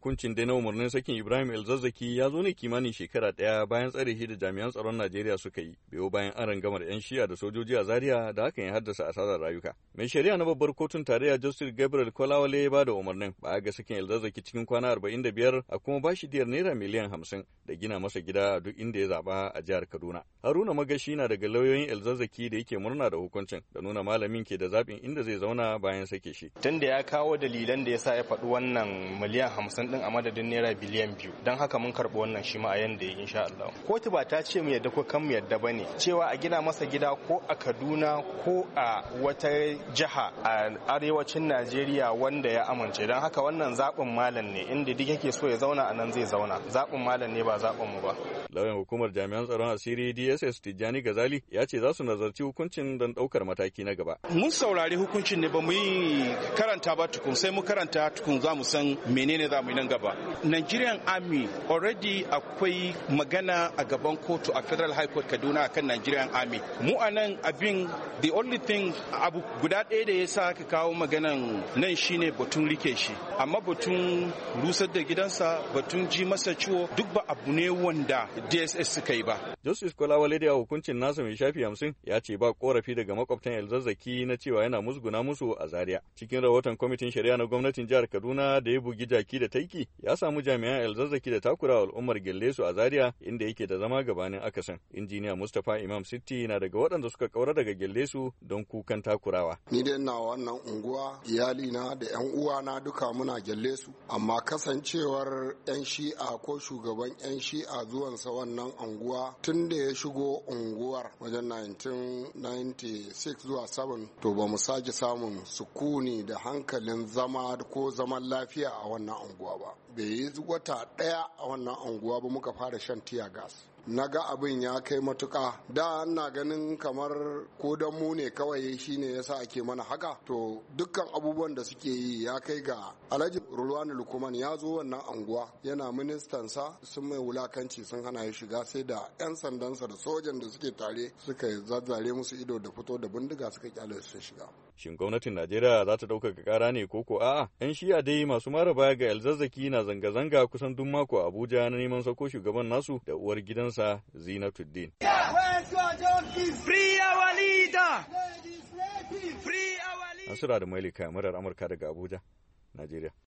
Hukuncin dai na umarnin sakin Ibrahim el ya zo ne kimanin shekara ɗaya bayan tsare shi da jami'an tsaron Najeriya suka yi, biyo bayan an rangamar 'yan shiya da sojoji a Zaria da hakan ya haddasa asarar rayuka. Mai shari'a na babbar kotun tarayya Justice Gabriel Kolawale ya ba da umarnin ba ga sakin El-Zazzaki cikin kwana 45 a kuma bashi shi diyar naira miliyan hamsin da gina masa gida a duk inda ya zaba a jihar Kaduna. Haruna Magashi na daga lauyoyin el da yake murna da hukuncin da nuna malamin ke da zaɓin inda zai zauna bayan sake shi. Tunda ya kawo dalilan da ya sa ya faɗi wannan miliyan hamsin din a madadin naira biliyan biyu don haka mun karɓi wannan shi ma a yanda ya insha Allah kotu ba ta ce mu yadda ko kan mu yadda bane cewa a gina masa gida ko a Kaduna ko a wata jiha a arewacin Najeriya wanda ya amince don haka wannan zaɓin malam ne inda duk yake so ya zauna a nan zai zauna zaɓin malam ne ba zaɓin mu ba lauyan hukumar jami'an tsaron asiri DSS Tijjani Gazali ya ce za su nazarci hukuncin don ɗaukar mataki na gaba mun saurari hukuncin ne ba mu yi karanta ba tukun sai mu karanta tukun za mu san menene za mu yi nan gaba nigerian army already akwai magana a gaban kotu a federal high court kaduna akan nigerian army mu a nan abin the only thing abu guda ɗaya da ya sa aka kawo maganan nan shine batun rike shi amma batun rusar da gidansa batun ji masa ciwo duk ba abu ne wanda dss suka yi ba joseph kolawale da hukuncin nasa mai shafi hamsin ya ce ba korafi daga makwabtan elzazzaki na cewa yana musguna musu a zaria cikin rahoton kwamitin shari'a na gwamnatin jihar kaduna da ya bugi jaki da ta aiki ya samu jami'an alzazzaki da takura al'ummar Gellesu a Zaria inda yake da zama gabanin akasan. Injiniya Mustapha Imam city na daga waɗanda suka kaura daga Gellesu don kukan takurawa. Ni dai ina wannan unguwa iyalina da 'yan uwana duka muna Gellesu amma kasancewar 'yan shi'a ko shugaban 'yan shi'a zuwan sa wannan unguwa tun da ya shigo unguwar wajen 1996 zuwa 7 to ba mu sake samun sukuni da hankalin zama ko zaman lafiya a wannan unguwa ba bai yi wata ɗaya a wannan unguwa ba muka fara shan tiya gas na ga abin ya kai matuka da na ganin kamar ko dan mu ne kawai shine yasa ake mana haka to dukkan abubuwan da suke yi ya kai ga alhaji rulwani lukuman ya zo wannan anguwa yana ministansa sun mai wulakanci sun hana ya shiga sai da yan sandansa da sojan da suke tare suka zazzare musu ido da fito da bindiga suka kyale su shiga shin gwamnatin najeriya za ta ɗaukaka ƙara ne ko ko a'a yan shiya dai masu mara baya ga Sarki na zanga-zanga kusan duk mako a Abuja na neman sako shugaban nasu da uwar gidansa Zinatuddin. asura da Mailika, murar Amurka daga Abuja, Najeriya.